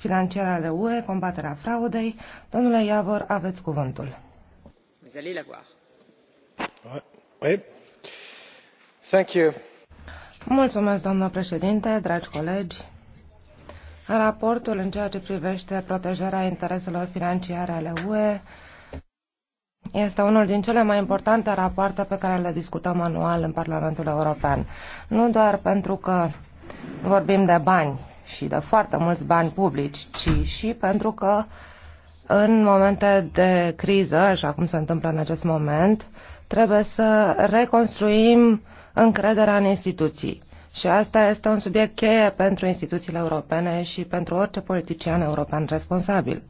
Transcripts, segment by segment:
financiare ale UE, combaterea fraudei. Domnule Iavor, aveți cuvântul. Mulțumesc, doamnă președinte, dragi colegi. Raportul în ceea ce privește protejarea intereselor financiare ale UE este unul din cele mai importante rapoarte pe care le discutăm anual în Parlamentul European. Nu doar pentru că vorbim de bani, și de foarte mulți bani publici, ci și pentru că în momente de criză, așa cum se întâmplă în acest moment, trebuie să reconstruim încrederea în instituții. Și asta este un subiect cheie pentru instituțiile europene și pentru orice politician european responsabil.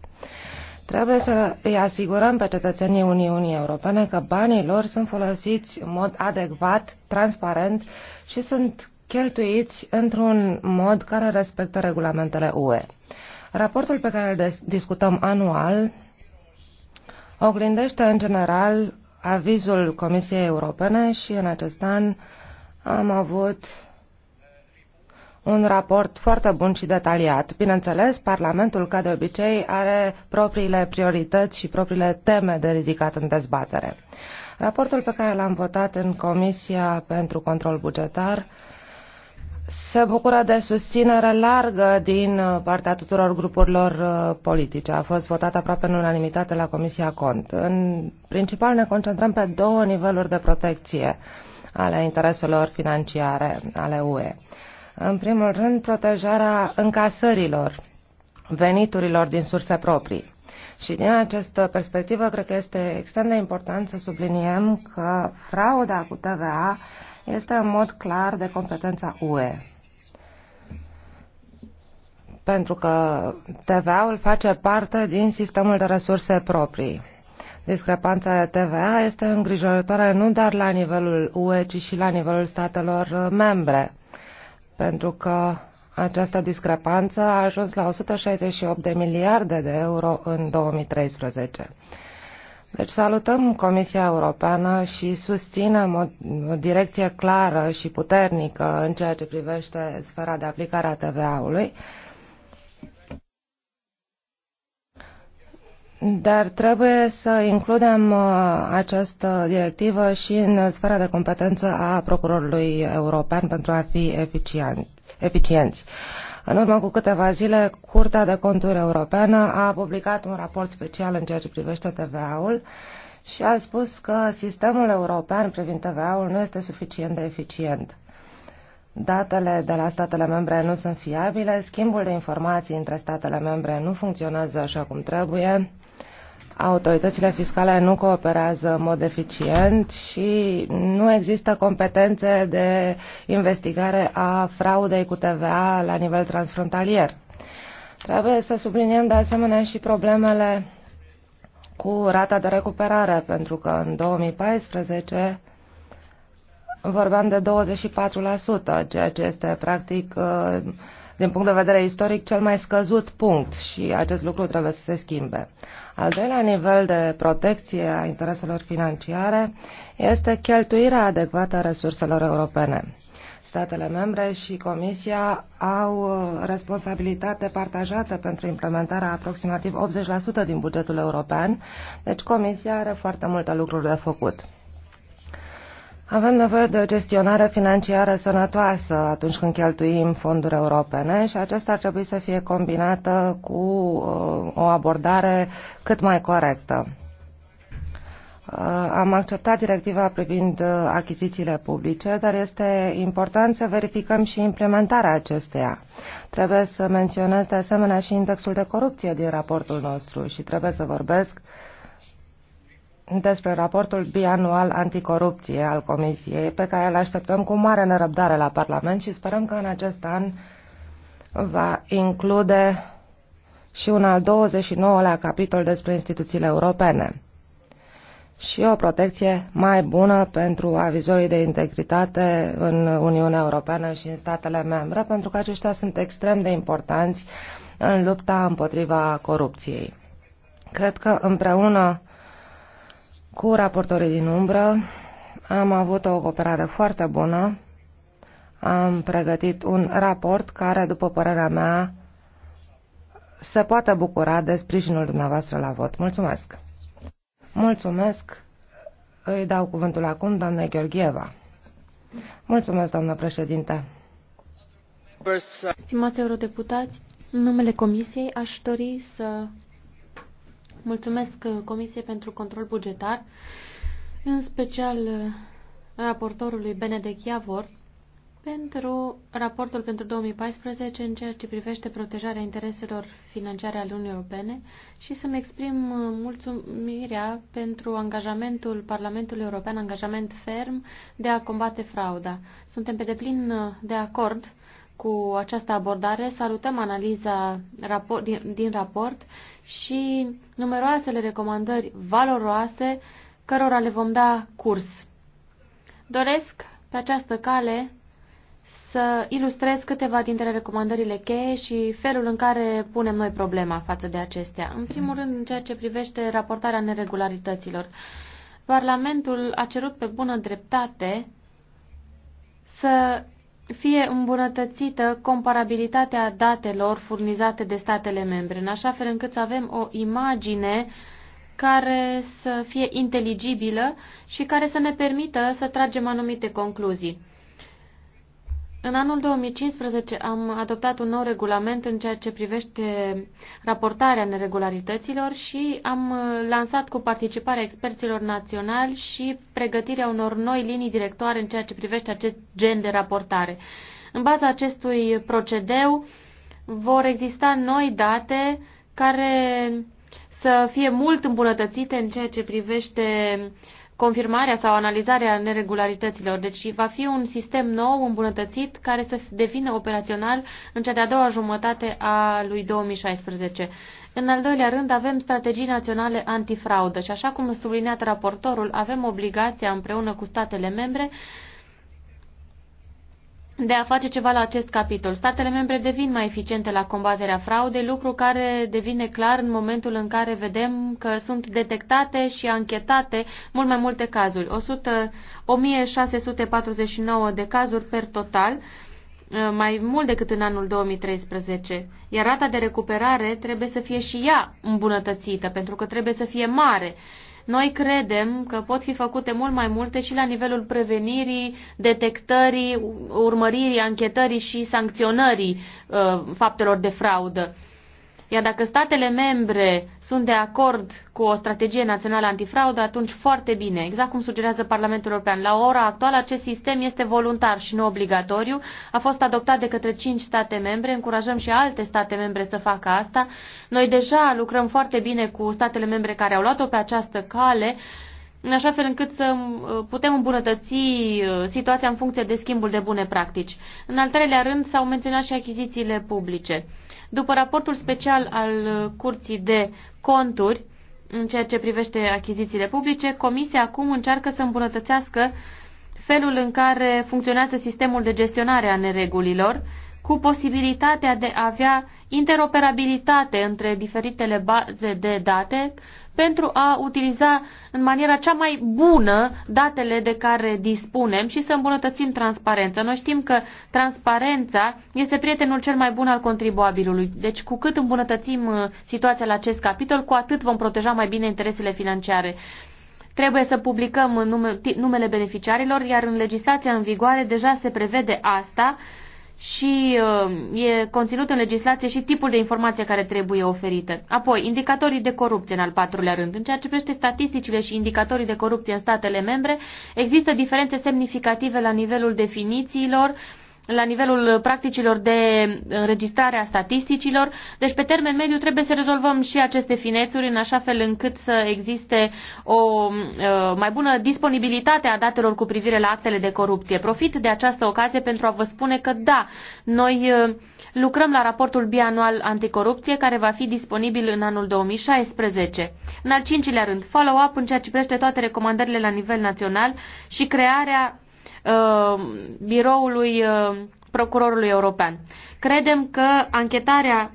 Trebuie să îi asigurăm pe cetățenii Uniunii Europene că banii lor sunt folosiți în mod adecvat, transparent și sunt cheltuiți într-un mod care respectă regulamentele UE. Raportul pe care îl discutăm anual oglindește în general avizul Comisiei Europene și în acest an am avut un raport foarte bun și detaliat. Bineînțeles, Parlamentul, ca de obicei, are propriile priorități și propriile teme de ridicat în dezbatere. Raportul pe care l-am votat în Comisia pentru Control Bugetar uh, se bucură de susținere largă din uh, partea tuturor grupurilor uh, politice. A fost votat aproape în unanimitate la Comisia Cont. În principal ne concentrăm pe două niveluri de protecție ale intereselor financiare ale UE. În primul rând, protejarea încasărilor, veniturilor din surse proprii. Și din această perspectivă, cred că este extrem de important să subliniem că frauda cu TVA este în mod clar de competența UE. Pentru că TVA-ul face parte din sistemul de resurse proprii. Discrepanța TVA este îngrijorătoare nu doar la nivelul UE, ci și la nivelul statelor membre, pentru că această discrepanță a ajuns la 168 de miliarde de euro în 2013. Deci salutăm Comisia Europeană și susținem o, o direcție clară și puternică în ceea ce privește sfera de aplicare a TVA-ului. Dar trebuie să includem uh, această directivă și în sfera de competență a procurorului european pentru a fi eficienți. În urmă cu câteva zile, Curtea de Conturi Europeană a publicat un raport special în ceea ce privește TVA-ul și a spus că sistemul european privind TVA-ul nu este suficient de eficient. Datele de la statele membre nu sunt fiabile, schimbul de informații între statele membre nu funcționează așa cum trebuie, autoritățile fiscale nu cooperează în mod eficient și nu există competențe de investigare a fraudei cu TVA la nivel transfrontalier. Trebuie să subliniem de asemenea și problemele cu rata de recuperare, pentru că în 2014 vorbeam de 24%, ceea ce este practic uh, din punct de vedere istoric cel mai scăzut punct și acest lucru trebuie să se schimbe. Al doilea nivel de protecție a intereselor financiare este cheltuirea adecvată a resurselor europene. Statele membre și Comisia au uh, responsabilitate partajată pentru implementarea aproximativ 80% din bugetul european, deci Comisia are foarte multe lucruri de făcut. Avem nevoie de o gestionare financiară sănătoasă atunci când cheltuim fonduri europene și aceasta ar trebui să fie combinată cu uh, o abordare cât mai corectă. Uh, am acceptat directiva privind uh, achizițiile publice, dar este important să verificăm și implementarea acesteia. Trebuie să menționez de asemenea și indexul de corupție din raportul nostru și trebuie să vorbesc despre raportul bianual anticorupție al Comisiei, pe care îl așteptăm cu mare nerăbdare la Parlament și sperăm că în acest an va include și un al 29-lea capitol despre instituțiile europene și o protecție mai bună pentru avizorii de integritate în Uniunea Europeană și în statele membre, pentru că aceștia sunt extrem de importanți în lupta împotriva corupției. Cred că împreună cu raportorii din umbră. Am avut o cooperare foarte bună. Am pregătit un raport care, după părerea mea, se poate bucura de sprijinul dumneavoastră la vot. Mulțumesc! Mulțumesc! Îi dau cuvântul acum doamne Gheorgheva. Mulțumesc, doamnă președinte! Stimați eurodeputați, în numele Comisiei aș dori să Mulțumesc uh, Comisiei pentru Control Bugetar, în special uh, raportorului Benedek Iavor, pentru raportul pentru 2014 în ceea ce privește protejarea intereselor financiare ale Uniunii Europene și să-mi exprim uh, mulțumirea pentru angajamentul Parlamentului European, angajament ferm de a combate frauda. Suntem pe deplin de acord cu această abordare, salutăm analiza rapor, din, din raport și numeroasele recomandări valoroase cărora le vom da curs. Doresc pe această cale să ilustrez câteva dintre recomandările cheie și felul în care punem noi problema față de acestea. În primul rând, în ceea ce privește raportarea neregularităților. Parlamentul a cerut pe bună dreptate să fie îmbunătățită comparabilitatea datelor furnizate de statele membre, în așa fel încât să avem o imagine care să fie inteligibilă și care să ne permită să tragem anumite concluzii. În anul 2015 am adoptat un nou regulament în ceea ce privește raportarea neregularităților și am uh, lansat cu participarea experților naționali și pregătirea unor noi linii directoare în ceea ce privește acest gen de raportare. În baza acestui procedeu vor exista noi date care să fie mult îmbunătățite în ceea ce privește uh, confirmarea sau analizarea neregularităților. Deci va fi un sistem nou, îmbunătățit, care să devină operațional în cea de-a doua jumătate a lui 2016. În al doilea rând, avem strategii naționale antifraudă și, așa cum subliniat raportorul, avem obligația împreună cu statele membre de a face ceva la acest capitol. Statele membre devin mai eficiente la combaterea fraudei, lucru care devine clar în momentul în care vedem că sunt detectate și anchetate mult mai multe cazuri. 100, 1649 de cazuri per total, uh, mai mult decât în anul 2013. Iar rata de recuperare trebuie să fie și ea îmbunătățită, pentru că trebuie să fie mare. Noi credem că pot fi făcute mult mai multe și la nivelul prevenirii, detectării, urmăririi, anchetării și sancționării uh, faptelor de fraudă. Iar dacă statele membre sunt de acord cu o strategie națională antifraudă, atunci foarte bine. Exact cum sugerează Parlamentul European. La ora actuală, acest sistem este voluntar și nu obligatoriu. A fost adoptat de către cinci state membre. Încurajăm și alte state membre să facă asta. Noi deja lucrăm foarte bine cu statele membre care au luat-o pe această cale în așa fel încât să uh, putem îmbunătăți uh, situația în funcție de schimbul de bune practici. În al treilea rând s-au menționat și achizițiile publice. După raportul special al uh, Curții de Conturi, în ceea ce privește achizițiile publice, Comisia acum încearcă să îmbunătățească felul în care funcționează sistemul de gestionare a neregulilor, cu posibilitatea de a avea interoperabilitate între diferitele baze de date pentru a utiliza în maniera cea mai bună datele de care dispunem și să îmbunătățim transparența. Noi știm că transparența este prietenul cel mai bun al contribuabilului. Deci cu cât îmbunătățim uh, situația la acest capitol, cu atât vom proteja mai bine interesele financiare. Trebuie să publicăm numele beneficiarilor, iar în legislația în vigoare deja se prevede asta și uh, e conținut în legislație și tipul de informație care trebuie oferită. Apoi, indicatorii de corupție în al patrulea rând. În ceea ce privește statisticile și indicatorii de corupție în statele membre, există diferențe semnificative la nivelul definițiilor, la nivelul practicilor de înregistrare a statisticilor. Deci, pe termen mediu, trebuie să rezolvăm și aceste finețuri în așa fel încât să existe o uh, mai bună disponibilitate a datelor cu privire la actele de corupție. Profit de această ocazie pentru a vă spune că, da, noi uh, lucrăm la raportul bianual anticorupție care va fi disponibil în anul 2016. În al cincilea rând, follow-up în ceea ce privește toate recomandările la nivel național și crearea Uh, biroului uh, procurorului european. Credem că anchetarea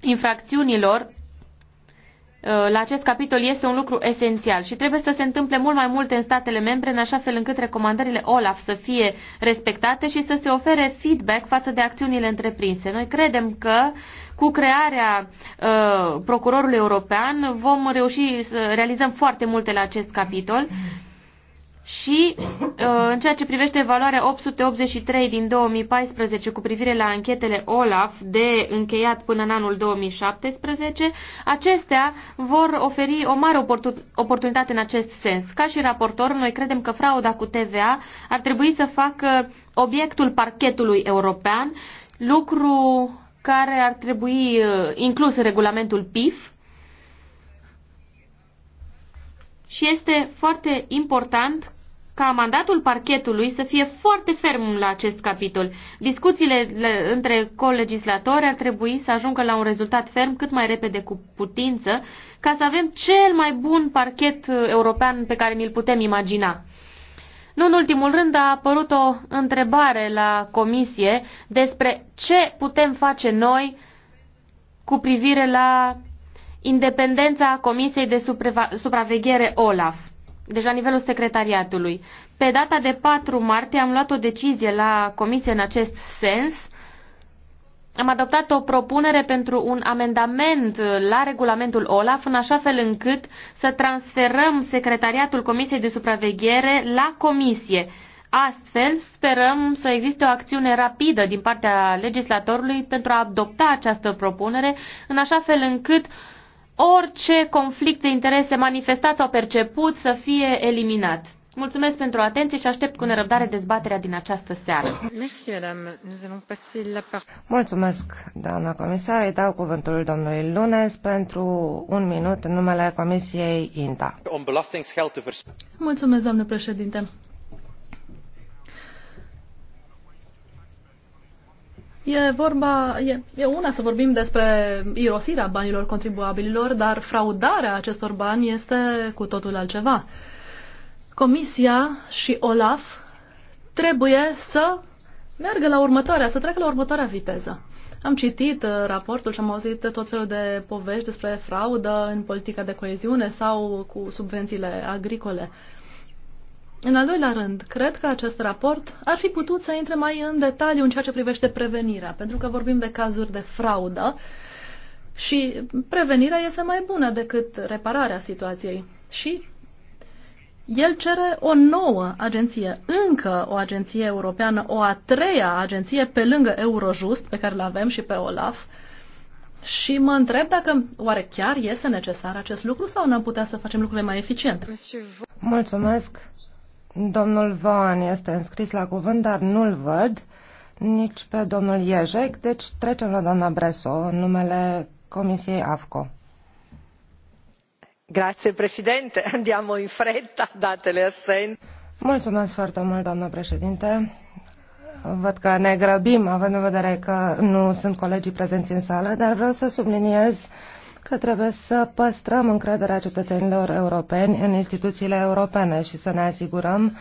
infracțiunilor uh, la acest capitol este un lucru esențial și trebuie să se întâmple mult mai multe în statele membre în așa fel încât recomandările OLAF să fie respectate și să se ofere feedback față de acțiunile întreprinse. Noi credem că cu crearea uh, procurorului european vom reuși să realizăm foarte multe la acest capitol și uh, în ceea ce privește valoarea 883 din 2014 cu privire la anchetele OLAF de încheiat până în anul 2017, acestea vor oferi o mare oportunitate în acest sens. Ca și raportor, noi credem că frauda cu TVA ar trebui să facă obiectul parchetului european, lucru care ar trebui uh, inclus în regulamentul PIF, și este foarte important ca mandatul parchetului să fie foarte ferm la acest capitol. Discuțiile între colegislatori ar trebui să ajungă la un rezultat ferm cât mai repede cu putință, ca să avem cel mai bun parchet uh, european pe care ni-l putem imagina. Nu în ultimul rând a apărut o întrebare la comisie despre ce putem face noi cu privire la independența Comisiei de Supraveghere OLAF deci la nivelul secretariatului. Pe data de 4 martie am luat o decizie la comisie în acest sens. Am adoptat o propunere pentru un amendament la regulamentul OLAF în așa fel încât să transferăm secretariatul Comisiei de Supraveghere la comisie. Astfel, sperăm să existe o acțiune rapidă din partea legislatorului pentru a adopta această propunere, în așa fel încât uh, orice conflict de interese manifestat sau perceput să fie eliminat. Mulțumesc pentru atenție și aștept cu nerăbdare dezbaterea din această seară. Mulțumesc, doamna comisar. Îi dau cuvântul domnului Lunes pentru un minut în numele Comisiei INTA. Mulțumesc, doamnă președinte. E vorba, e, e una să vorbim despre irosirea banilor contribuabililor, dar fraudarea acestor bani este cu totul altceva. Comisia și OLAF trebuie să meargă la următoarea, să treacă la următoarea viteză. Am citit uh, raportul și am auzit tot felul de povești despre fraudă în politica de coeziune sau cu subvențiile agricole. În al doilea rând, cred că acest raport ar fi putut să intre mai în detaliu în ceea ce privește prevenirea, pentru că vorbim de cazuri de fraudă și prevenirea este mai bună decât repararea situației. Și el cere o nouă agenție, încă o agenție europeană, o a treia agenție pe lângă Eurojust, pe care le avem și pe OLAF. Și mă întreb dacă oare chiar este necesar acest lucru sau n-am putea să facem lucrurile mai eficiente. Mulțumesc! Domnul Vaughan este înscris la cuvânt, dar nu-l văd, nici pe domnul Iejec, deci trecem la doamna Breso, în numele Comisiei AFCO. Grazie, președinte. Andiamo in fretta, datele assenti. Mulțumesc foarte mult, doamnă președinte. Văd că ne grăbim, având în vedere că nu sunt colegii prezenți în sală, dar vreau să subliniez uh, că trebuie să păstrăm încrederea cetățenilor europeni în instituțiile europene și să ne asigurăm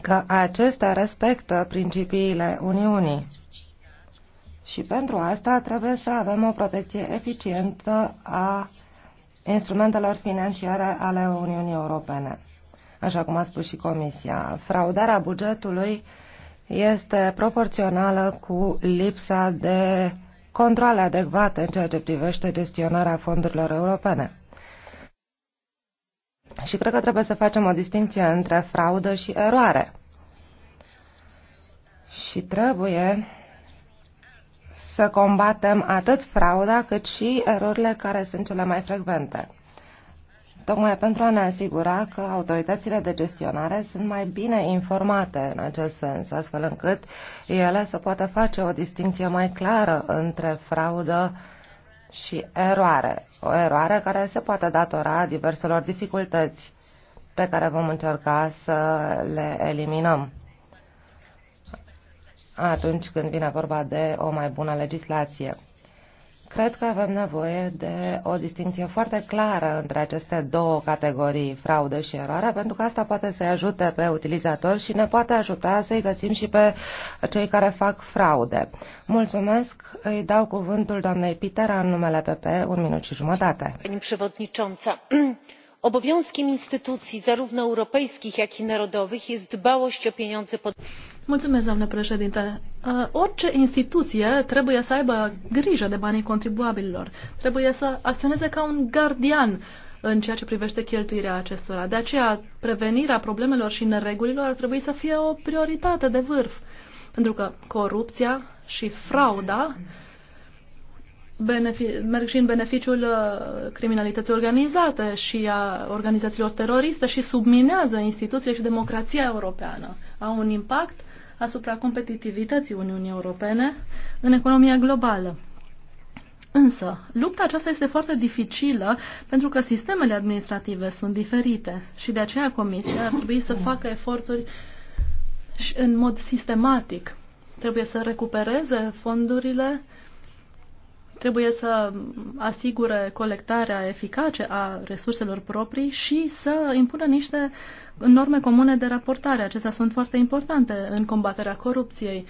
că acestea respectă principiile Uniunii. Și pentru asta trebuie să avem o protecție eficientă a instrumentelor financiare ale Uniunii Europene. Așa cum a spus și Comisia, fraudarea bugetului este proporțională cu lipsa de controle adecvate în ceea ce privește gestionarea fondurilor europene. Și cred că trebuie să facem o distinție între fraudă și eroare. Și trebuie să combatem atât frauda cât și erorile care sunt cele mai frecvente tocmai pentru a ne asigura că autoritățile de gestionare sunt mai bine informate în acest sens, astfel încât ele să poată face o distinție mai clară între fraudă și eroare. O eroare care se poate datora diverselor dificultăți pe care vom încerca să le eliminăm atunci când vine vorba de o mai bună legislație. Cred că avem nevoie de o distinție foarte clară între aceste două categorii, fraudă și eroare, pentru că asta poate să-i ajute pe utilizatori și ne poate ajuta să-i găsim și pe cei care fac fraude. Mulțumesc, îi dau cuvântul doamnei Pitera în numele PP, un minut și jumătate obowiązkiem instytucji zarówno europejskich jak i narodowych jest dbałość o pieniądze doamnă președinte. Orice instituție trebuie să aibă grijă de banii contribuabililor. Trebuie să acționeze ca un gardian în ceea ce privește cheltuirea acestora. De aceea, prevenirea problemelor și neregulilor ar trebui să fie o prioritate de vârf. Pentru că corupția și frauda merg și în beneficiul uh, criminalității organizate și a organizațiilor teroriste și subminează instituțiile și democrația europeană. Au un impact asupra competitivității Uniunii Europene în economia globală. Însă, lupta aceasta este foarte dificilă pentru că sistemele administrative sunt diferite și de aceea Comisia ar trebui să facă eforturi în mod sistematic. Trebuie să recupereze fondurile uh, Trebuie să asigure colectarea eficace a resurselor proprii și să impună niște norme comune de raportare. Acestea sunt foarte importante în combaterea corupției.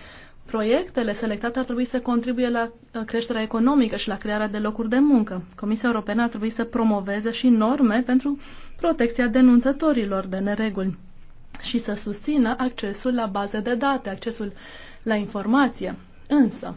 Proiectele selectate ar trebui să contribuie la creșterea economică și la crearea de locuri de muncă. Comisia Europeană ar trebui să promoveze și norme pentru protecția denunțătorilor de nereguli și să susțină accesul la baze de date, accesul la informație. Însă,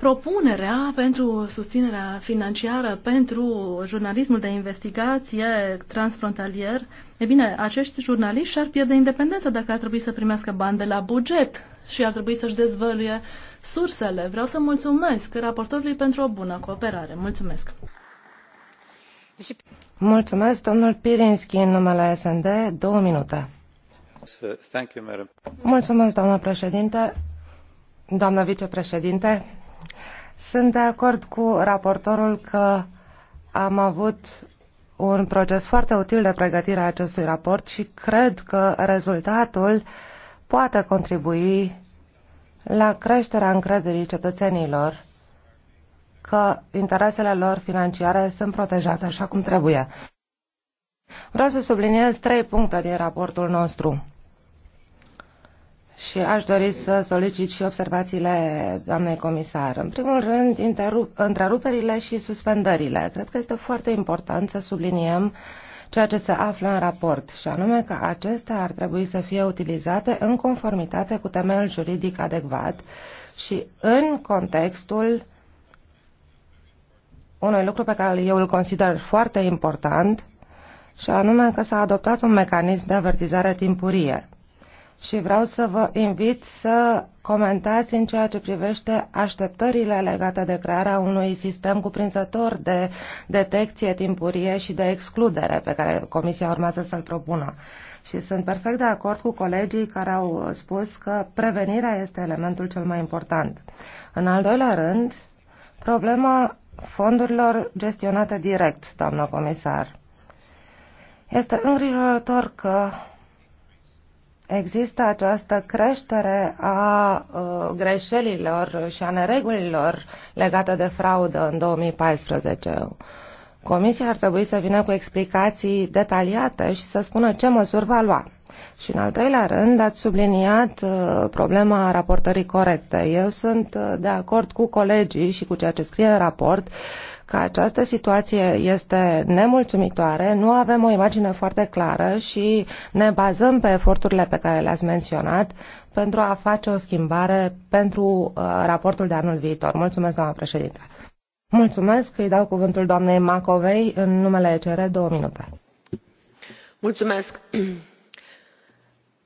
propunerea pentru susținerea financiară pentru jurnalismul de investigație transfrontalier, e bine, acești jurnaliști și-ar pierde independența dacă ar trebui să primească bani de la buget și ar trebui să-și dezvăluie sursele. Vreau să mulțumesc raportorului pentru o bună cooperare. Mulțumesc! Mulțumesc, domnul Pirinski, în numele SND, două minute. Mulțumesc, doamnă președinte, doamnă vicepreședinte, sunt de acord cu raportorul că am avut un proces foarte util de pregătire a acestui raport și cred că rezultatul poate contribui la creșterea încrederii cetățenilor că interesele lor financiare sunt protejate așa cum trebuie. Vreau să subliniez trei puncte din raportul nostru și aș dori să solicit și observațiile doamnei comisar. În primul rând, întreruperile și suspendările. Cred că este foarte important să subliniem ceea ce se află în raport, și anume că acestea ar trebui să fie utilizate în conformitate cu temeiul juridic adecvat și în contextul unui lucru pe care eu îl consider foarte important, și anume că s-a adoptat un mecanism de avertizare timpurie și vreau să vă invit să comentați în ceea ce privește așteptările legate de crearea unui sistem cuprinzător de detecție timpurie și de excludere pe care Comisia urmează să-l propună. Și sunt perfect de acord cu colegii care au spus că prevenirea este elementul cel mai important. În al doilea rând, problema fondurilor gestionate direct, doamnă comisar. Este îngrijorător că există această creștere a uh, greșelilor și a neregulilor legate de fraudă în 2014. Comisia ar trebui să vină cu explicații detaliate și să spună ce măsuri va lua. Și în al treilea rând ați subliniat uh, problema raportării corecte. Eu sunt uh, de acord cu colegii și cu ceea ce scrie în raport că această situație este nemulțumitoare, nu avem o imagine foarte clară și ne bazăm pe eforturile pe care le-ați menționat pentru a face o schimbare pentru uh, raportul de anul viitor. Mulțumesc, doamna președinte. Mulțumesc, îi dau cuvântul doamnei Macovei în numele ECR, două minute. Mulțumesc.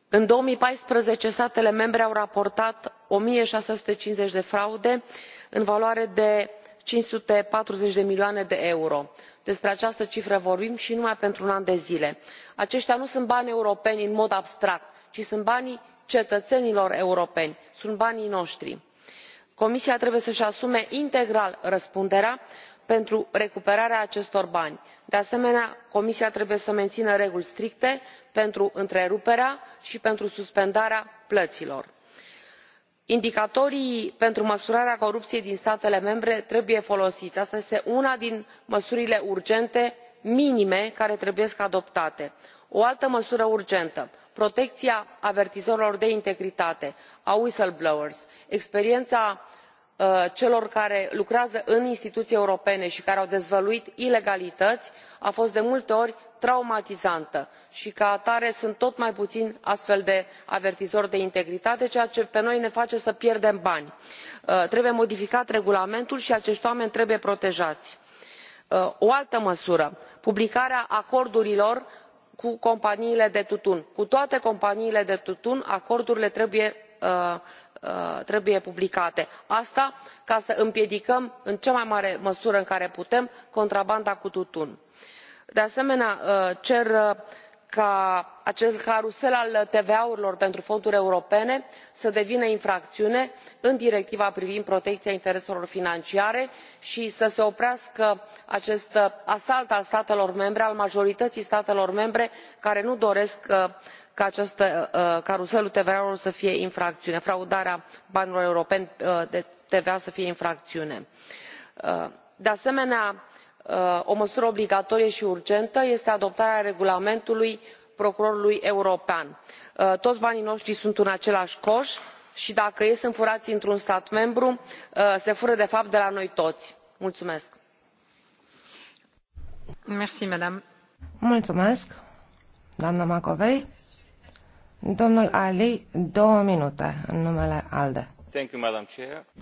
În 2014, statele membre au raportat 1650 de fraude în valoare de cinci sute patruzeci de milioane de euro despre această cifră vorbim și numai pentru un an de zile. aceștia nu sunt bani europeni în mod abstract ci sunt banii cetățenilor europeni sunt banii noștri. comisia trebuie să își asume integral răspunderea pentru recuperarea acestor bani. de asemenea comisia trebuie să mențină reguli stricte pentru întreruperea și pentru suspendarea plăților indicatorii pentru măsurarea corupției din statele membre trebuie folosiți asta este una din măsurile urgente minime care trebuie adoptate. o altă măsură urgentă protecția avertizorilor de integritate a whistleblowers experiența uh, celor care lucrează în instituții europene și care au dezvăluit ilegalități a fost de multe ori traumatizantă și ca atare sunt tot mai puțini astfel de avertizori de integritate ceea ce pe noi ne face să pierdem bani. Uh, trebuie modificat regulamentul și acești oameni trebuie protejați. Uh, o altă măsură publicarea acordurilor cu companiile de tutun cu toate companiile de tutun acordurile trebuie uh, trebuie publicate asta ca să împiedicăm în cea mai mare măsură în care putem contrabanda cu tutun de asemenea uh, cer uh, ca acel carusel al tva urilor pentru fonduri europene să devină infracțiune în directiva privind protecția intereselor financiare și să se oprească acest uh, asalt al statelor membre al majorității statelor membre care nu doresc ca acest caruselul tva urilor să fie infracțiune fraudarea banilor europeni de tva să fie infracțiune. de asemenea Uh, o măsură obligatorie și urgentă este adoptarea regulamentului procurorului european. Uh, toți banii noștri sunt în același coș și dacă ei sunt furați într un stat membru uh, se fură de fapt de la noi toți. mulțumesc. mulțumesc doamnă macovei. Domnul Ali, două minute în numele ALDE.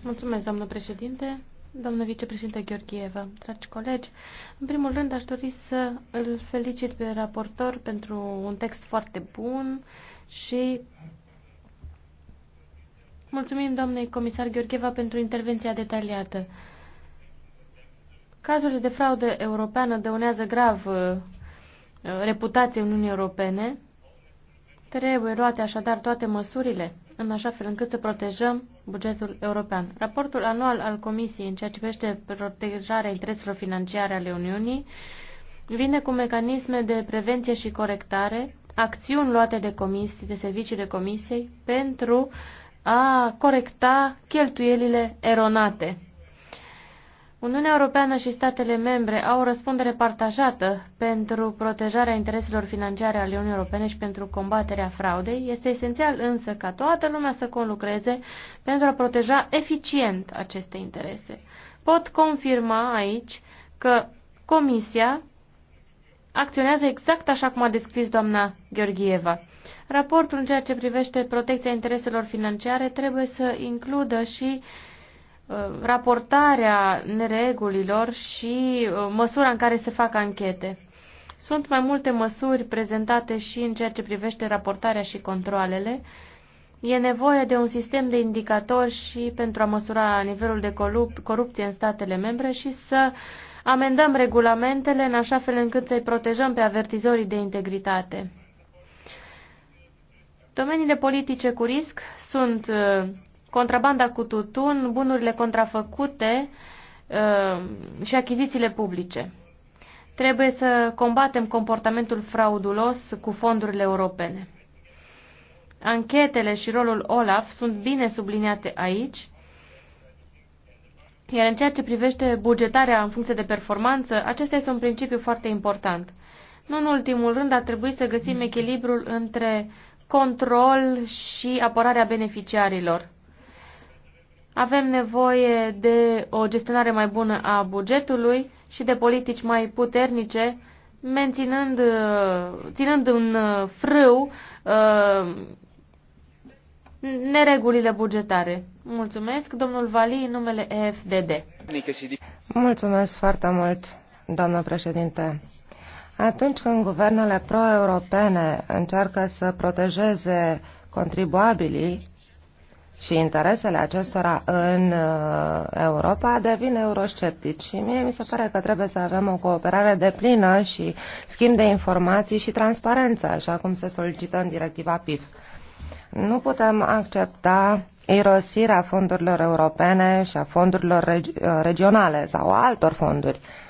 Mulțumesc, doamnă președinte Domnul vicepreședinte Gheorgheva, dragi colegi, în primul rând aș dori să îl felicit pe raportor pentru un text foarte bun și mulțumim domnului comisar Gheorgheva pentru intervenția detaliată. Cazurile de fraudă europeană dăunează grav uh, reputației Uniunii Europene. Trebuie luate așadar toate măsurile în așa fel încât să protejăm bugetul european. Raportul anual al Comisiei în ceea ce privește protejarea intereselor financiare ale Uniunii vine cu mecanisme de prevenție și corectare, acțiuni luate de comisii, de serviciile Comisiei pentru a corecta cheltuielile eronate. Uniunea Europeană și statele membre au o răspundere partajată pentru protejarea intereselor financiare ale Uniunii Europene și pentru combaterea fraudei. Este esențial însă ca toată lumea să conlucreze pentru a proteja eficient aceste interese. Pot confirma aici că Comisia acționează exact așa cum a descris doamna Gheorgheva. Raportul în ceea ce privește protecția intereselor financiare trebuie să includă și uh, Uh, raportarea neregulilor și uh, măsura în care se fac anchete. Sunt mai multe măsuri prezentate și în ceea ce privește raportarea și controlele. E nevoie de un sistem de indicatori și pentru a măsura nivelul de corupție în statele membre și să amendăm regulamentele în așa fel încât să-i protejăm pe avertizorii de integritate. Domeniile politice cu risc sunt uh, contrabanda cu tutun, bunurile contrafăcute uh, și achizițiile publice. Trebuie să combatem comportamentul fraudulos cu fondurile europene. Anchetele și rolul OLAF sunt bine subliniate aici, iar în ceea ce privește bugetarea în funcție de performanță, acesta este un principiu foarte important. Nu în ultimul rând, ar trebui să găsim echilibrul între control și apărarea beneficiarilor. Avem nevoie de o gestionare mai bună a bugetului și de politici mai puternice, menținând, ținând în frâu uh, neregulile bugetare. Mulțumesc, domnul Vali, în numele EFDD. Mulțumesc foarte mult, doamnă președinte. Atunci când guvernele pro-europene încearcă să protejeze contribuabilii, și interesele acestora în uh, Europa devin eurosceptici. Și mie mi se pare că trebuie să avem o cooperare de plină și schimb de informații și transparență, așa cum se solicită în directiva PIF. Nu putem accepta irosirea fondurilor europene și a fondurilor uh, regionale sau altor fonduri. Uh,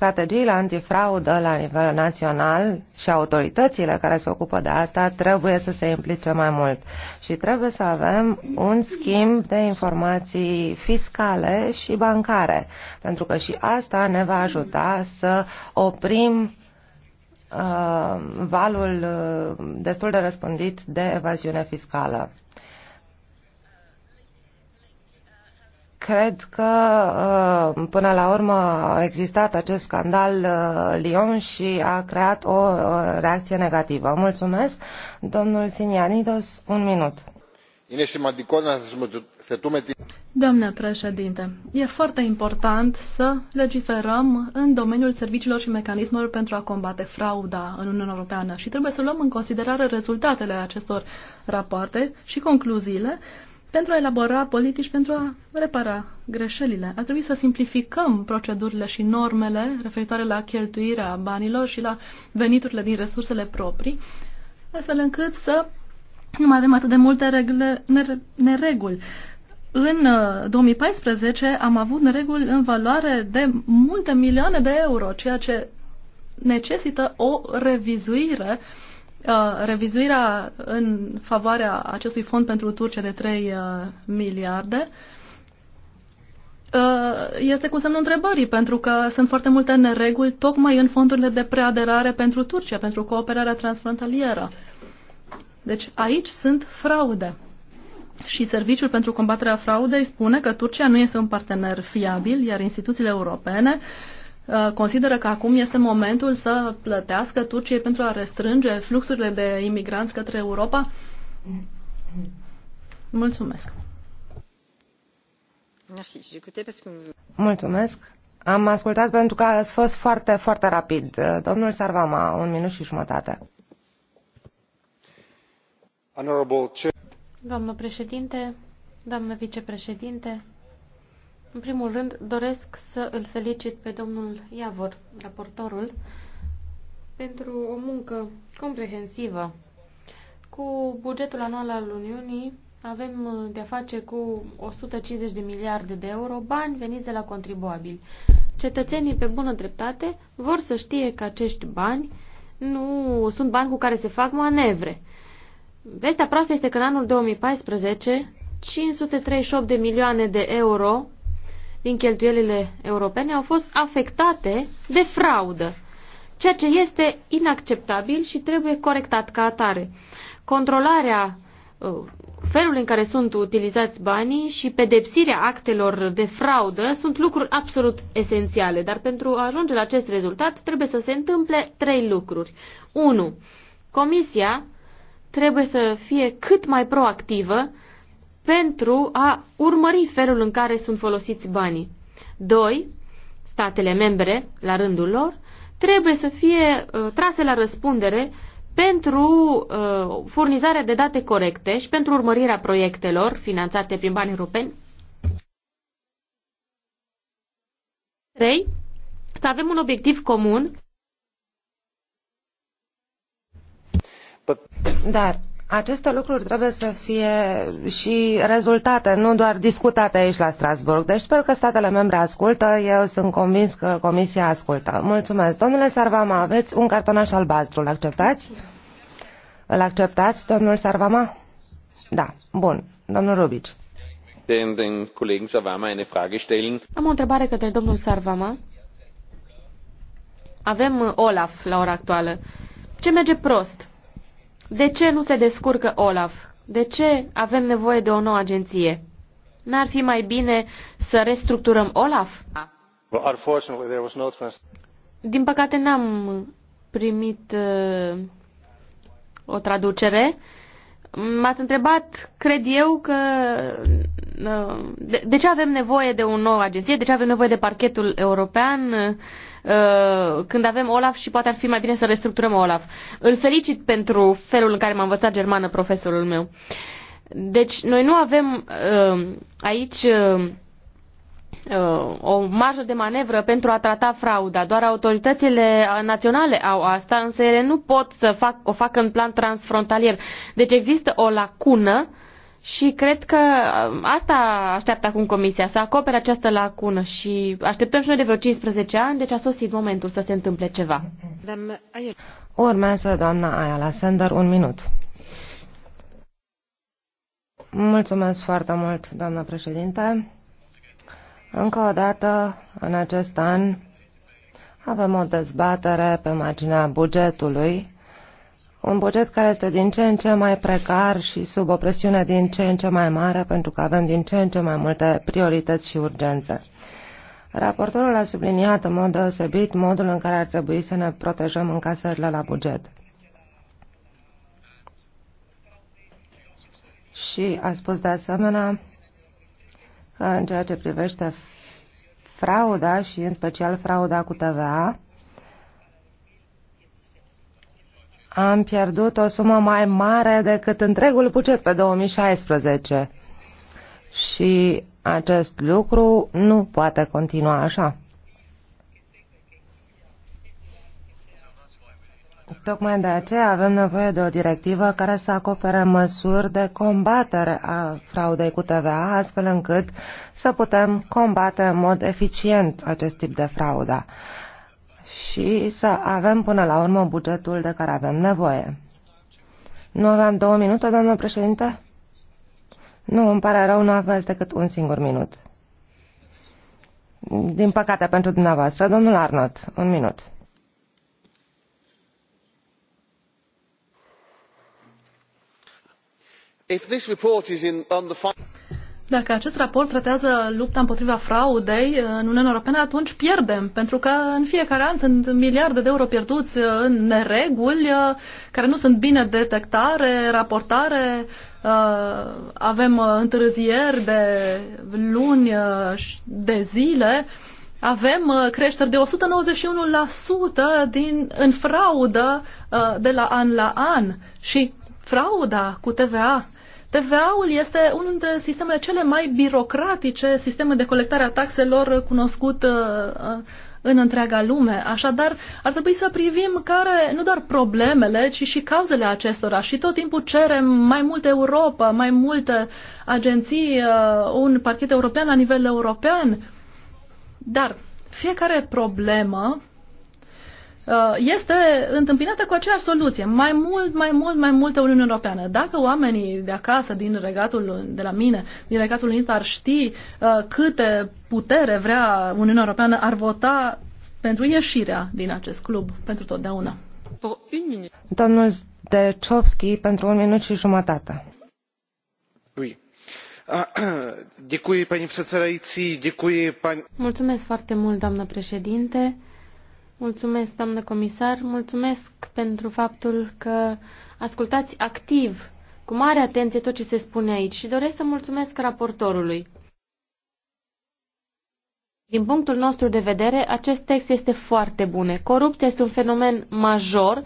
Strategiile antifraudă la nivel național și autoritățile care se ocupă de asta trebuie să se implice mai mult și trebuie să avem un schimb de informații fiscale și bancare, pentru că și asta ne va ajuta să oprim uh, valul uh, destul de răspândit de evaziune fiscală. Cred că uh, până la urmă a existat acest scandal uh, Lyon și a creat o reacție negativă. Mulțumesc. Domnul Sinianidos, un minut. Doamnă președinte, e foarte important să legiferăm în domeniul serviciilor și mecanismelor pentru a combate frauda în Uniunea Europeană și trebuie să luăm în considerare rezultatele acestor rapoarte și concluziile pentru a elabora politici pentru a repara greșelile. Ar trebui să simplificăm procedurile și normele referitoare la cheltuirea banilor și la veniturile din resursele proprii, astfel încât să nu mai avem atât de multe regle, nereguli. În 2014 uh, am avut nereguli în valoare de multe milioane de euro, ceea ce necesită o revizuire uh, Uh, revizuirea în favoarea acestui fond pentru Turcia de 3 uh, miliarde uh, este cu semnul întrebării, pentru că sunt foarte multe nereguli tocmai în fondurile de preaderare pentru Turcia, pentru cooperarea transfrontalieră. Deci aici sunt fraude. Și Serviciul pentru combaterea fraudei spune că Turcia nu este un partener fiabil, iar instituțiile europene uh, Uh, consideră că acum este momentul să plătească Turciei pentru a restrânge fluxurile de imigranți către Europa? Mulțumesc. Mulțumesc. Am ascultat pentru că ați fost foarte, foarte rapid. Domnul Sarvama, un minut și jumătate. Doamnă președinte, doamnă vicepreședinte, în primul rând, doresc să îl felicit pe domnul Iavor, raportorul, pentru o muncă comprehensivă. Cu bugetul anual al Uniunii avem de-a face cu 150 de miliarde de euro bani veniți de la contribuabili. Cetățenii, pe bună dreptate, vor să știe că acești bani nu sunt bani cu care se fac manevre. Vestea proastă este că în anul 2014 538 de milioane de euro din cheltuielile europene au fost afectate de fraudă, ceea ce este inacceptabil și trebuie corectat ca atare. Controlarea uh, felul în care sunt utilizați banii și pedepsirea actelor de fraudă sunt lucruri absolut esențiale, dar pentru a ajunge la acest rezultat trebuie să se întâmple trei lucruri. 1. Comisia trebuie să fie cât mai proactivă pentru a urmări felul în care sunt folosiți banii. 2. Statele membre, la rândul lor, trebuie să fie uh, trase la răspundere pentru uh, furnizarea de date corecte și pentru urmărirea proiectelor finanțate prin bani europeni. 3. Să avem un obiectiv comun. Dar aceste lucruri trebuie să fie și rezultate, nu doar discutate aici la Strasburg. Deci sper că statele membre ascultă, eu sunt convins că Comisia ascultă. Mulțumesc. Domnule Sarvama, aveți un cartonaș albastru, îl acceptați? Îl acceptați, domnul Sarvama? Da, bun. Domnul Rubici. Am o întrebare către domnul Sarvama. Avem uh, Olaf la ora actuală. Ce merge prost? De ce nu se descurcă Olaf? De ce avem nevoie de o nouă agenție? N-ar fi mai bine să restructurăm Olaf? Din păcate n-am primit uh, o traducere. M-ați întrebat, cred eu, că uh, de, de ce avem nevoie de o nouă agenție, de ce avem nevoie de parchetul european. Uh, Uh, când avem Olaf și poate ar fi mai bine să restructurăm Olaf. Îl felicit pentru felul în care m-a învățat germană profesorul meu. Deci noi nu avem uh, aici uh, o marjă de manevră pentru a trata frauda. Doar autoritățile naționale au asta, însă ele nu pot să fac, o facă în plan transfrontalier. Deci există o lacună uh, și cred că uh, asta așteaptă acum Comisia, să acopere această lacună și așteptăm și noi de vreo 15 ani, deci a sosit momentul să se întâmple ceva. Urmează doamna Ayala Sender, un minut. Mulțumesc foarte mult, doamna președinte. Încă o dată, în acest an, avem o dezbatere pe marginea bugetului un buget care este din ce în ce mai precar și sub o presiune din ce în ce mai mare pentru că avem din ce în ce mai multe priorități și urgențe. Raportorul a subliniat în mod deosebit modul în care ar trebui să ne protejăm încasările la buget. Și a spus de asemenea că în ceea ce privește frauda și în special frauda cu TVA, am pierdut o sumă mai mare decât întregul buget pe 2016. Și acest lucru nu poate continua așa. Tocmai de aceea avem nevoie de o directivă care să acopere măsuri de combatere a fraudei cu TVA, astfel încât să putem combate în mod eficient acest tip de fraudă și să avem până la urmă bugetul de care avem nevoie. Nu aveam două minute, domnul președinte? Nu, îmi pare rău, nu aveți decât un singur minut. Din păcate pentru dumneavoastră, domnul Arnott, un minut. If this report is in, on the dacă acest raport tratează lupta împotriva fraudei uh, în Uniunea Europeană, atunci pierdem, pentru că în fiecare an sunt miliarde de euro pierduți uh, în nereguli uh, care nu sunt bine detectare, raportare, avem întârzieri de luni, de zile, avem creșteri de 191% din, în fraudă de la an la an și frauda cu TVA TVA-ul este unul dintre sistemele cele mai birocratice, sisteme de colectare a taxelor cunoscut uh, uh, în întreaga lume. Așadar, ar trebui să privim care nu doar problemele, ci și cauzele acestora. Și tot timpul cerem mai multă Europa, mai multe agenții, uh, un parchet european la nivel european. Dar fiecare problemă Uh, este întâmpinată cu aceeași soluție. Mai mult, mai mult, mai multă Uniune Europeană. Dacă oamenii de acasă, din regatul, de la mine, din regatul unit ar ști uh, câte putere vrea Uniunea Europeană, ar vota pentru ieșirea din acest club pentru totdeauna. Domnul Zdechovski, pentru un minut și jumătate. Ah, ah, Mulțumesc foarte mult, doamnă președinte. Mulțumesc, doamnă comisar. Mulțumesc pentru faptul că ascultați activ, cu mare atenție, tot ce se spune aici și doresc să mulțumesc raportorului. Din punctul nostru de vedere, acest text este foarte bun. Corupția este un fenomen major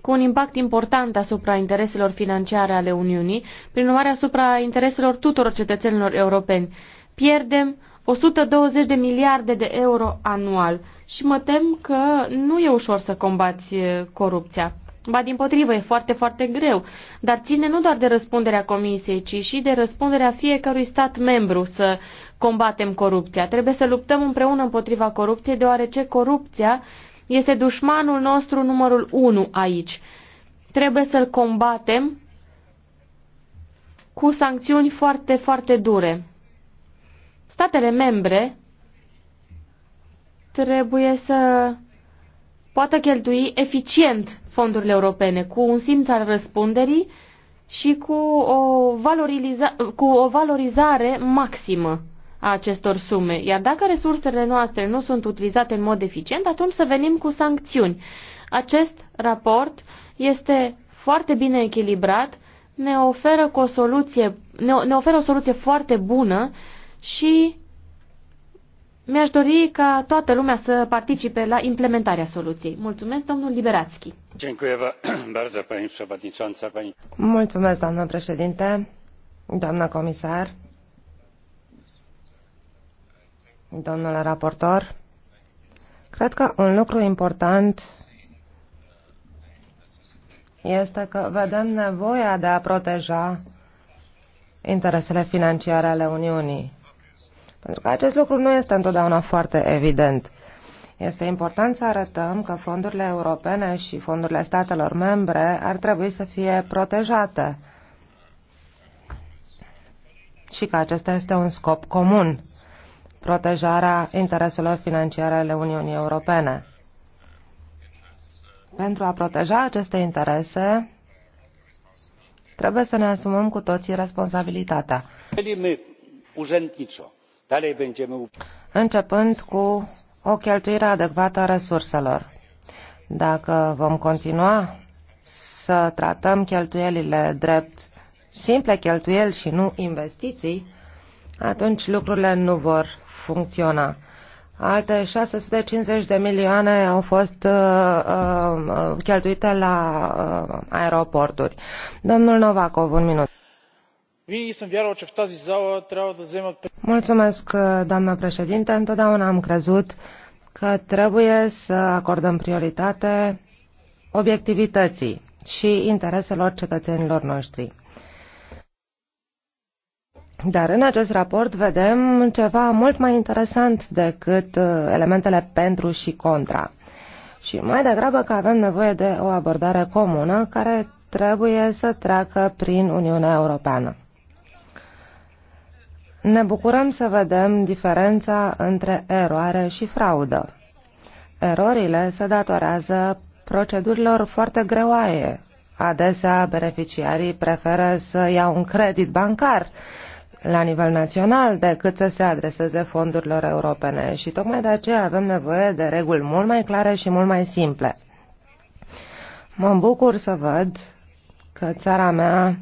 cu un impact important asupra intereselor financiare ale Uniunii, prin urmare asupra intereselor tuturor cetățenilor europeni. Pierdem 120 de miliarde de euro anual și mă tem că nu e ușor să combați corupția. Ba din potrivă, e foarte, foarte greu, dar ține nu doar de răspunderea Comisiei, ci și de răspunderea fiecărui stat membru să combatem corupția. Trebuie să luptăm împreună împotriva corupției, deoarece corupția este dușmanul nostru numărul unu aici. Trebuie să-l combatem cu sancțiuni foarte, foarte dure. Statele membre trebuie să poată cheltui eficient fondurile europene, cu un simț al răspunderii și cu o, cu o valorizare maximă a acestor sume. Iar dacă resursele noastre nu sunt utilizate în mod eficient, atunci să venim cu sancțiuni. Acest raport este foarte bine echilibrat, ne oferă, cu o soluție, ne, ne oferă o soluție foarte bună și mi-aș dori ca toată lumea să participe la implementarea soluției. Mulțumesc, domnul Liberațchi. Mulțumesc, doamnă președinte, doamnă comisar, domnule raportor. Cred că un lucru important este că vedem nevoia de a proteja interesele financiare ale Uniunii. Pentru că acest lucru nu este întotdeauna foarte evident. Este important să arătăm că fondurile europene și fondurile statelor membre ar trebui să fie protejate și că acesta este un scop comun, protejarea intereselor financiare ale Uniunii Europene. Pentru a proteja aceste interese, trebuie să ne asumăm cu toții responsabilitatea începând cu o cheltuire adecvată a resurselor. Dacă vom continua să tratăm cheltuielile drept simple cheltuieli și nu investiții, atunci lucrurile nu vor funcționa. Alte 650 de milioane au fost uh, uh, cheltuite la uh, aeroporturi. Domnul Novakov, un minut. Mulțumesc, uh, doamnă președinte. Întotdeauna am crezut că trebuie să acordăm prioritate obiectivității și intereselor cetățenilor noștri. Dar în acest raport vedem ceva mult mai interesant decât uh, elementele pentru și contra. Și mai degrabă că avem nevoie de o abordare comună care trebuie să treacă prin Uniunea Europeană. Ne bucurăm să vedem diferența între eroare și fraudă. Erorile se datorează procedurilor foarte greoaie. Adesea, beneficiarii preferă să iau un credit bancar la nivel național decât să se adreseze fondurilor europene și tocmai de aceea avem nevoie de reguli mult mai clare și mult mai simple. Mă bucur să văd că țara mea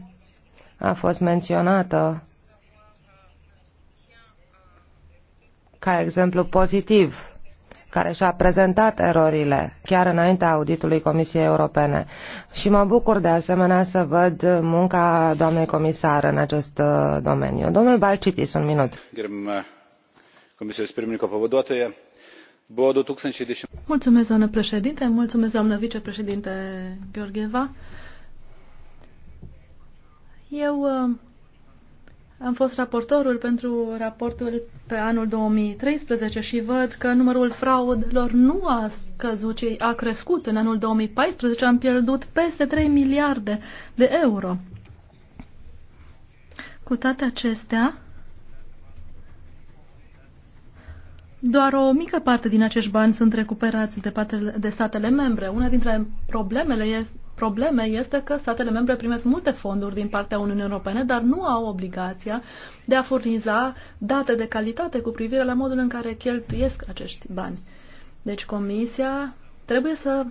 a fost menționată ca exemplu pozitiv care și-a prezentat erorile chiar înaintea auditului Comisiei Europene. Și mă bucur de asemenea să văd munca doamnei comisar în acest uh, domeniu. Domnul Balcitis, un minut. Uh, mulțumesc, doamnă președinte, mulțumesc, doamnă vicepreședinte Gheorgheva. Eu uh, am fost raportorul pentru raportul pe anul 2013 și văd că numărul fraudelor nu a scăzut, ci a crescut. În anul 2014 am pierdut peste 3 miliarde de euro. Cu toate acestea, doar o mică parte din acești bani sunt recuperați de, patele, de statele membre. Una dintre problemele este probleme este că statele membre primesc multe fonduri din partea Uniunii Europene, dar nu au obligația de a furniza date de calitate cu privire la modul în care cheltuiesc acești bani. Deci Comisia trebuie să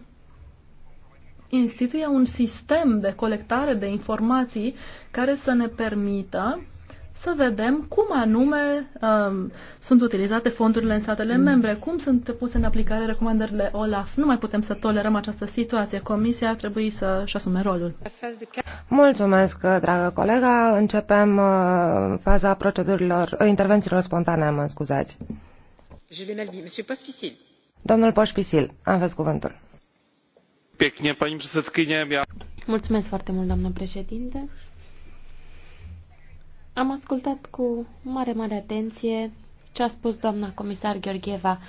instituie un sistem de colectare de informații care să ne permită să vedem cum anume um, sunt utilizate fondurile în statele mm. membre, cum sunt puse în aplicare recomandările OLAF. Nu mai putem să tolerăm această situație. Comisia ar trebui să-și asume rolul. Mulțumesc, dragă colega. Începem uh, faza procedurilor, uh, intervențiilor spontane, mă scuzați. Domnul Poșpisil, văzut cuvântul. Mulțumesc foarte mult, doamnă președinte. Am ascultat cu mare, mare atenție ce a spus doamna comisar Gheorgheva.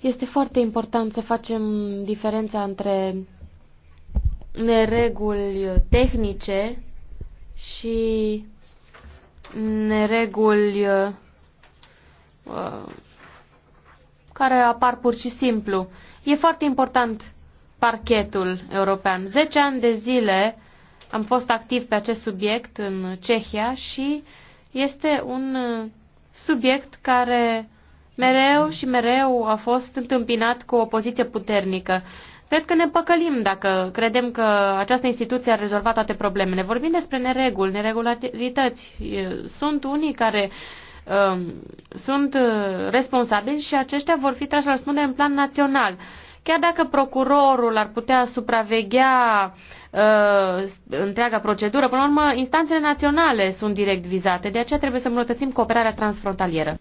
Este foarte important să facem diferența între nereguli tehnice și nereguli uh, care apar pur și simplu. E foarte important parchetul european. Zece ani de zile am fost activ pe acest subiect în Cehia și este un uh, subiect care mereu și mereu a fost întâmpinat cu o poziție puternică. Cred că ne păcălim dacă credem că această instituție a rezolvat toate problemele. Vorbim despre nereguli, neregularități. Uh, sunt unii care um, sunt uh, responsabili și aceștia vor fi trași la răspundere în plan național. Chiar dacă procurorul ar putea supraveghea uh, Uh, întreaga procedură. Până la urmă, instanțele naționale sunt direct vizate, de aceea trebuie să îmbunătățim cooperarea transfrontalieră.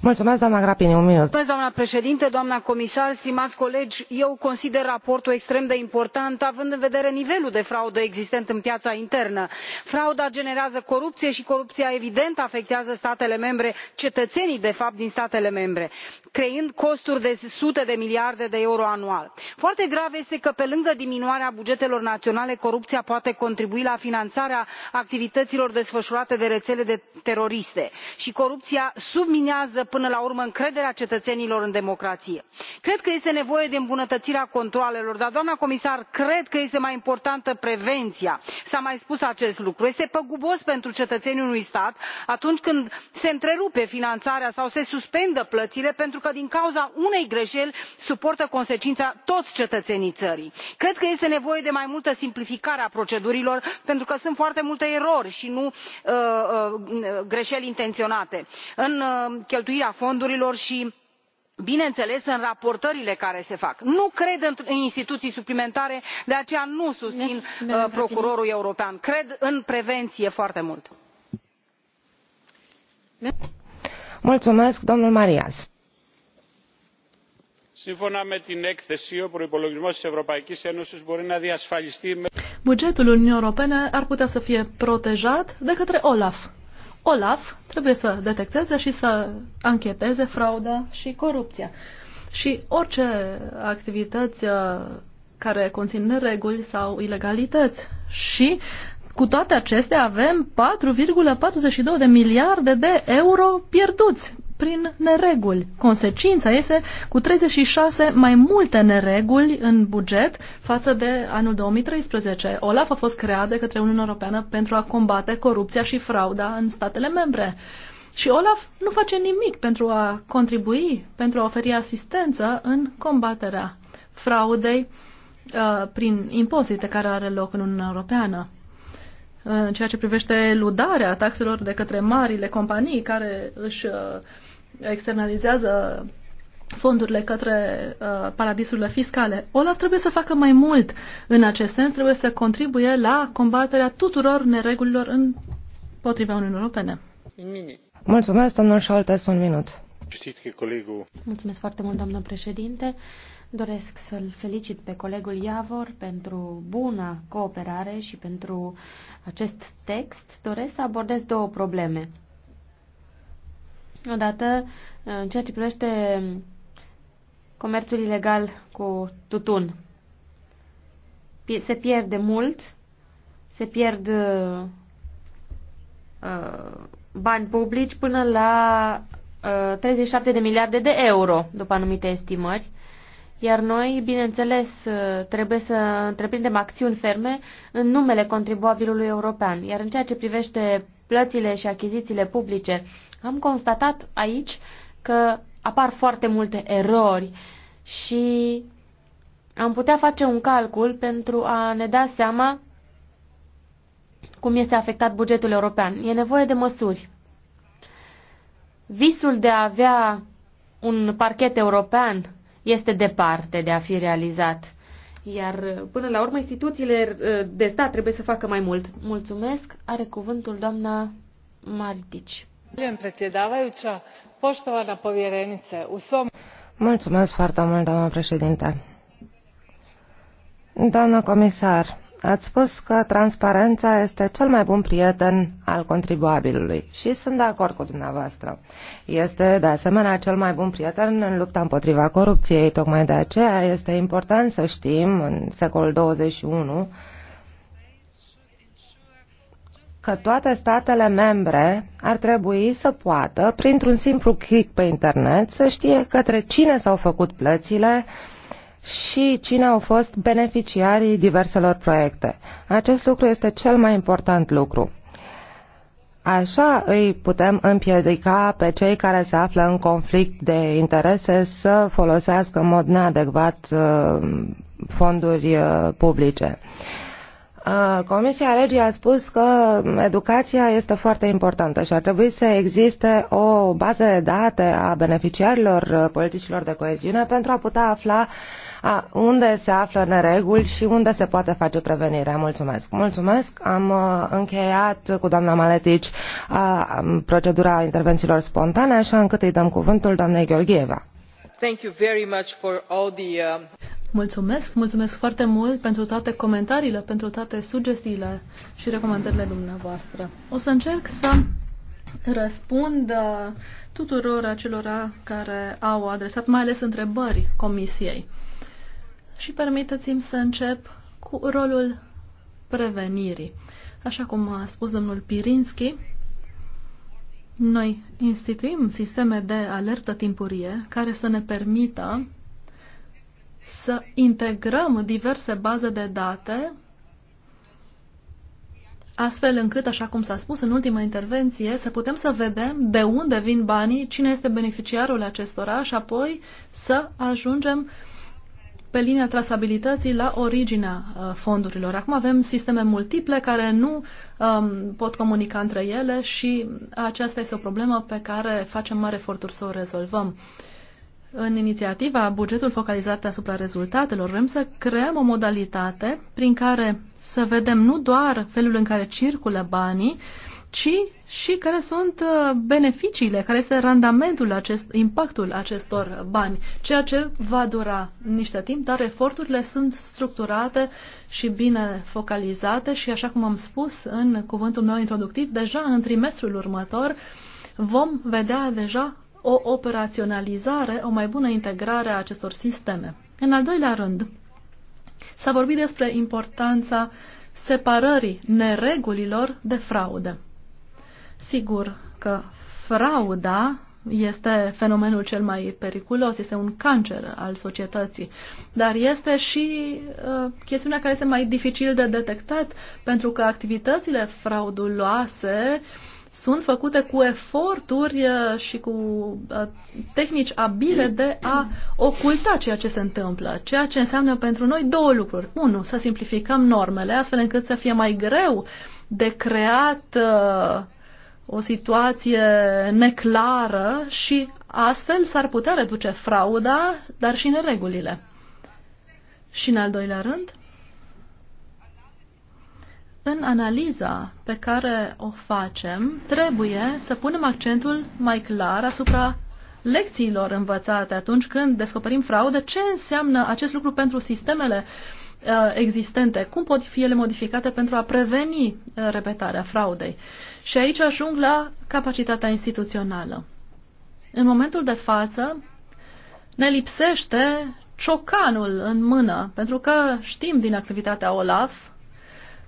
Mulțumesc, doamna Grapini, un minut. Mulțumesc, doamna președinte, comisar, stimați colegi. Eu consider raportul extrem de important, având în vedere nivelul de fraudă existent în piața internă. Frauda generează corupție și corupția, evident, afectează statele membre, cetățenii, de fapt, din statele membre, creând costuri de sute de miliarde de euro anual. Foarte grav este că, pe lângă diminuarea bugetelor naționale, corupția poate contribui la finanțarea activităților desfășurate de rețele de teroriste și corupția subminează până la urmă încrederea cetățenilor în democrație. cred că este nevoie de îmbunătățirea controalelor dar doamnă comisar cred că este mai importantă prevenția s a mai spus acest lucru. este păgubos pentru cetățenii unui stat atunci când se întrerupe finanțarea sau se suspendă plățile pentru că din cauza unei greșeli suportă consecința toți cetățenii țării. cred că este nevoie de mai multă simplificare a procedurilor pentru că sunt foarte multe erori și nu uh, uh, greșeli intenționate. în uh, cheltuielile cheltuirea fondurilor și bineînțeles în raportările care se fac. nu cred în instituții suplimentare de aceea nu susțin uh, procurorul european cred în prevenție foarte mult. Mulțumesc, Bugetul Uniunii Europene ar putea să fie protejat de către Olaf Olaf trebuie să detecteze și să ancheteze frauda și corupția. Și orice activități uh, care conțin nereguli sau ilegalități. Și cu toate acestea avem 4,42 de miliarde de euro pierduți prin nereguli. Consecința este cu 36 mai multe nereguli în buget față de anul 2013. OLAF a fost creat de către Uniunea Europeană pentru a combate corupția și frauda în statele membre. Și Olaf nu face nimic pentru a contribui, pentru a oferi asistență în combaterea fraudei uh, prin impozite care are loc în Uniunea Europeană. În ceea ce privește ludarea taxelor de către marile companii care își uh, externalizează fondurile către uh, paradisurile fiscale. Olaf trebuie să facă mai mult în acest sens, trebuie să contribuie la combaterea tuturor neregulilor împotriva Uniunii Europene. Mulțumesc, domnul Șoltes, un minut. Mulțumesc foarte mult, doamnă președinte. Doresc să-l felicit pe colegul Iavor pentru buna cooperare și pentru acest text. Doresc să abordez două probleme. Odată, în ceea ce privește comerțul ilegal cu tutun, se pierde mult, se pierd uh, uh, bani publici până la 37 uh, de miliarde de euro, după anumite estimări. Iar noi, bineînțeles, trebuie să întreprindem acțiuni ferme în numele contribuabilului european. Iar în ceea ce privește plățile și achizițiile publice, am constatat aici că apar foarte multe erori și am putea face un calcul pentru a ne da seama cum este afectat bugetul european. E nevoie de măsuri. Visul de a avea un parchet european este departe de a fi realizat. Iar până la urmă instituțiile eh, de stat trebuie să facă mai mult. Mulțumesc. Are cuvântul doamna Maritici. Mulțumesc foarte mult, doamna președinte. Doamna comisar, Ați spus că transparența este cel mai bun prieten al contribuabilului și sunt de acord cu dumneavoastră. Este de asemenea cel mai bun prieten în lupta împotriva corupției. Tocmai de aceea este important să știm în secolul 21 că toate statele membre ar trebui să poată, printr-un simplu click pe internet, să știe către cine s-au făcut plățile, uh, și cine au fost beneficiarii diverselor proiecte. Acest lucru este cel mai important lucru. Așa îi putem împiedica pe cei care se află în conflict de interese să folosească în mod neadecvat uh, fonduri uh, publice. Uh, Comisia Regii a spus că educația este foarte importantă și ar trebui să existe o bază de date a beneficiarilor politicilor de coeziune pentru a putea afla unde se află nereguli și unde se poate face prevenirea. Mulțumesc! Mulțumesc! Am uh, încheiat cu doamna Maletici uh, um, procedura intervențiilor spontane, așa încât îi dăm cuvântul doamnei Gheorgheva. Thank you very much for all the, uh... Mulțumesc, mulțumesc foarte mult pentru toate comentariile, pentru toate sugestiile și recomandările dumneavoastră. O să încerc să răspund uh, tuturor acelora care au adresat mai ales întrebări comisiei și permiteți-mi să încep cu rolul prevenirii. Așa cum a spus domnul Pirinski, noi instituim sisteme de alertă timpurie care să ne permită să integrăm diverse baze de date astfel încât, așa cum s-a spus în ultima intervenție, să putem să vedem de unde vin banii, cine este beneficiarul acestora și apoi să ajungem uh, pe linia trasabilității la originea uh, fondurilor. Acum avem sisteme multiple care nu um, pot comunica între ele și aceasta este o problemă pe care facem mari eforturi să o rezolvăm. În inițiativa Bugetul focalizat asupra rezultatelor vrem să creăm o modalitate prin care să vedem nu doar felul în care circulă banii, ci și care sunt uh, beneficiile, care este randamentul, acest, impactul acestor bani, ceea ce va dura niște timp, dar eforturile sunt structurate și bine focalizate și, așa cum am spus în cuvântul meu introductiv, deja în trimestrul următor vom vedea deja o operaționalizare, o mai bună integrare a acestor sisteme. În al doilea rând, s-a vorbit despre importanța separării neregulilor de fraude. Sigur că frauda este fenomenul cel mai periculos, este un cancer al societății, dar este și uh, chestiunea care este mai dificil de detectat, pentru că activitățile frauduloase sunt făcute cu eforturi uh, și cu uh, tehnici abile de a oculta ceea ce se întâmplă, ceea ce înseamnă pentru noi două lucruri. Unu, să simplificăm normele astfel încât să fie mai greu de creat uh, o situație neclară și astfel s-ar putea reduce frauda, dar și neregulile. Și în al doilea rând, în analiza pe care o facem, trebuie să punem accentul mai clar asupra lecțiilor învățate atunci când descoperim fraudă, ce înseamnă acest lucru pentru sistemele Uh, existente, cum pot fi ele modificate pentru a preveni uh, repetarea fraudei. Și aici ajung la capacitatea instituțională. În momentul de față ne lipsește ciocanul în mână, pentru că știm din activitatea OLAF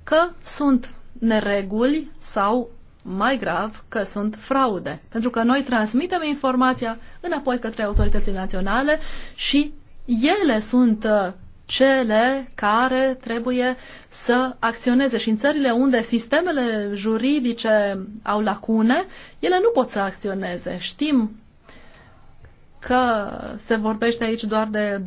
că sunt nereguli sau, mai grav, că sunt fraude. Pentru că noi transmitem informația înapoi către autoritățile naționale și ele sunt uh, cele care trebuie să acționeze. Și în țările unde sistemele juridice au lacune, ele nu pot să acționeze. Știm că se vorbește aici doar de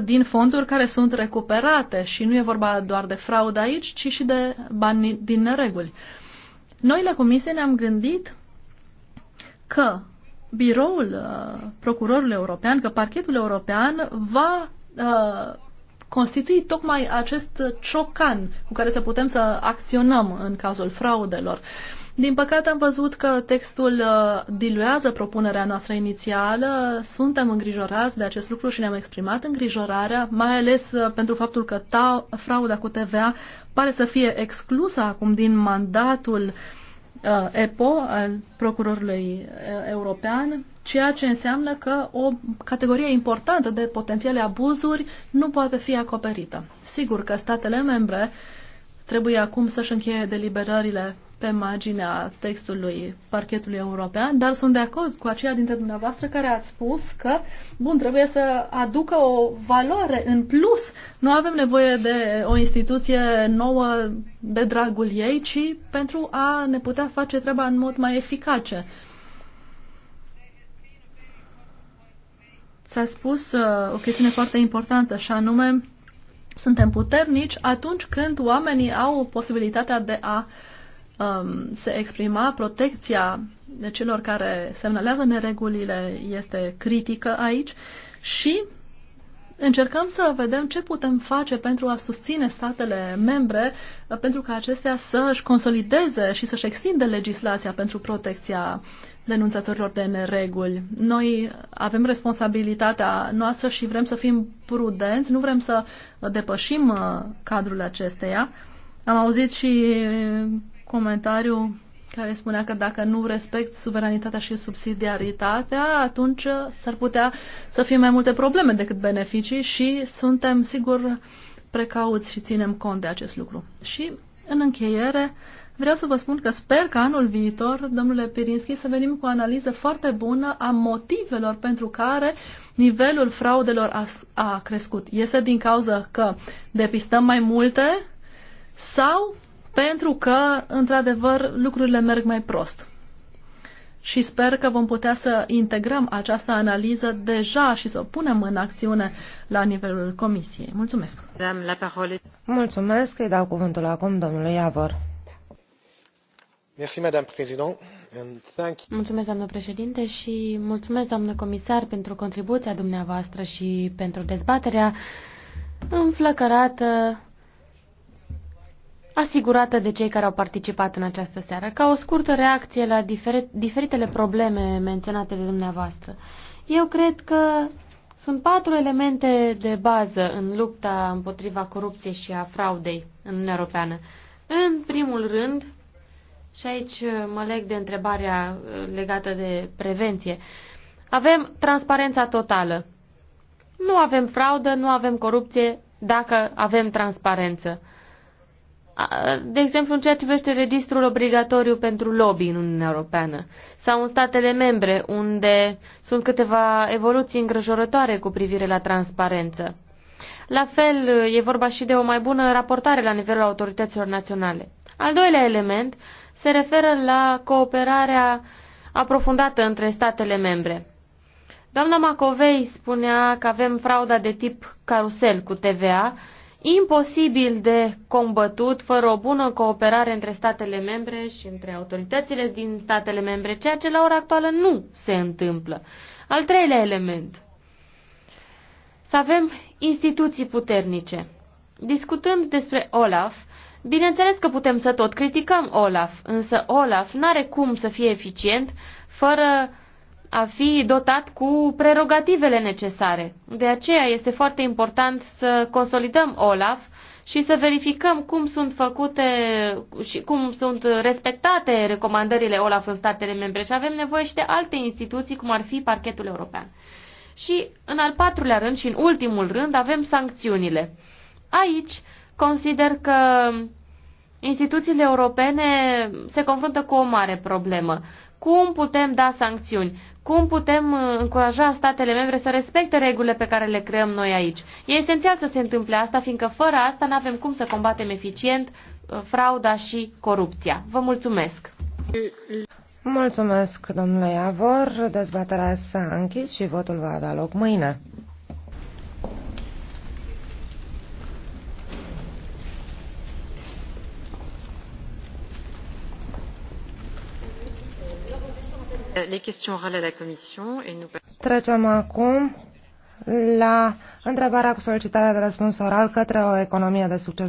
24% din fonduri care sunt recuperate și nu e vorba doar de fraudă aici, ci și de bani din nereguli. Noi la comisie ne-am gândit că biroul uh, procurorului european, că parchetul european va Uh, constitui tocmai acest ciocan cu care să putem să acționăm în cazul fraudelor. Din păcate am văzut că textul uh, diluează propunerea noastră inițială, suntem îngrijorați de acest lucru și ne-am exprimat îngrijorarea, mai ales uh, pentru faptul că ta, frauda cu TVA pare să fie exclusă acum din mandatul uh, Uh, EPO al procurorului uh, european, ceea ce înseamnă că o categorie importantă de potențiale abuzuri nu poate fi acoperită. Sigur că statele membre trebuie acum să-și încheie deliberările pe marginea textului parchetului european, dar sunt de acord cu aceia dintre dumneavoastră care ați spus că, bun, trebuie să aducă o valoare în plus. Nu avem nevoie de o instituție nouă de dragul ei, ci pentru a ne putea face treaba în mod mai eficace. S-a spus uh, o chestiune foarte importantă, și anume, suntem puternici atunci când oamenii au posibilitatea de a uh, um, se exprima, protecția celor care semnalează neregulile este critică aici și încercăm să vedem ce putem face pentru a susține statele membre, uh, pentru ca acestea să-și consolideze și să-și extindă legislația pentru protecția denunțătorilor de nereguli. Noi avem responsabilitatea noastră și vrem să fim prudenți, nu vrem să depășim uh, cadrul acesteia. Am auzit și comentariu care spunea că dacă nu respect suveranitatea și subsidiaritatea, atunci uh, s-ar putea să fie mai multe probleme decât beneficii și suntem sigur precauți și ținem cont de acest lucru. Și în încheiere, vreau să vă spun că sper că anul viitor, domnule Pirinski, să venim cu o analiză foarte bună a motivelor pentru care nivelul fraudelor a, a crescut. Este din cauza că depistăm mai multe sau pentru că, într-adevăr, lucrurile merg mai prost. Și sper că vom putea să integrăm această analiză deja și să o punem în acțiune la nivelul Comisiei. Mulțumesc! Mulțumesc! Îi dau cuvântul acum domnului Iavor. Mulțumesc, doamnă președinte, și mulțumesc, doamnă comisar, pentru contribuția dumneavoastră și pentru dezbaterea înflăcărată asigurată de cei care au participat în această seară, ca o scurtă reacție la diferitele probleme menționate de dumneavoastră. Eu cred că sunt patru elemente de bază în lupta împotriva corupției și a fraudei în Uniunea Europeană. În primul rând, și aici uh, mă leg de întrebarea uh, legată de prevenție, avem transparența totală. Nu avem fraudă, nu avem corupție dacă avem transparență de exemplu în ceea ce privește registrul obligatoriu pentru lobby în Uniunea Europeană sau în statele membre, unde sunt câteva evoluții îngrijorătoare cu privire la transparență. La fel, e vorba și de o mai bună raportare la nivelul autorităților naționale. Al doilea element se referă la cooperarea aprofundată între statele membre. Doamna Macovei spunea că avem frauda de tip carusel cu TVA, imposibil de combătut fără o bună cooperare între statele membre și între autoritățile din statele membre, ceea ce la ora actuală nu se întâmplă. Al treilea element. Să avem instituții puternice. Discutând despre Olaf, bineînțeles că putem să tot criticăm Olaf, însă Olaf n-are cum să fie eficient fără a fi dotat cu prerogativele necesare. De aceea este foarte important să consolidăm OLAF și să verificăm cum sunt făcute și cum sunt respectate recomandările OLAF în statele membre și avem nevoie și de alte instituții, cum ar fi parchetul european. Și în al patrulea rând și în ultimul rând avem sancțiunile. Aici consider că instituțiile europene se confruntă cu o mare problemă. Cum putem da sancțiuni? Cum putem uh, încuraja statele membre să respecte regulile pe care le creăm noi aici? E esențial să se întâmple asta, fiindcă fără asta nu avem cum să combatem eficient uh, frauda și corupția. Vă mulțumesc! Mulțumesc, domnule Iavor. Dezbaterea s-a închis și votul va avea loc mâine. Euh, Trecem acum la întrebarea cu solicitarea de răspuns oral către o economie de succes.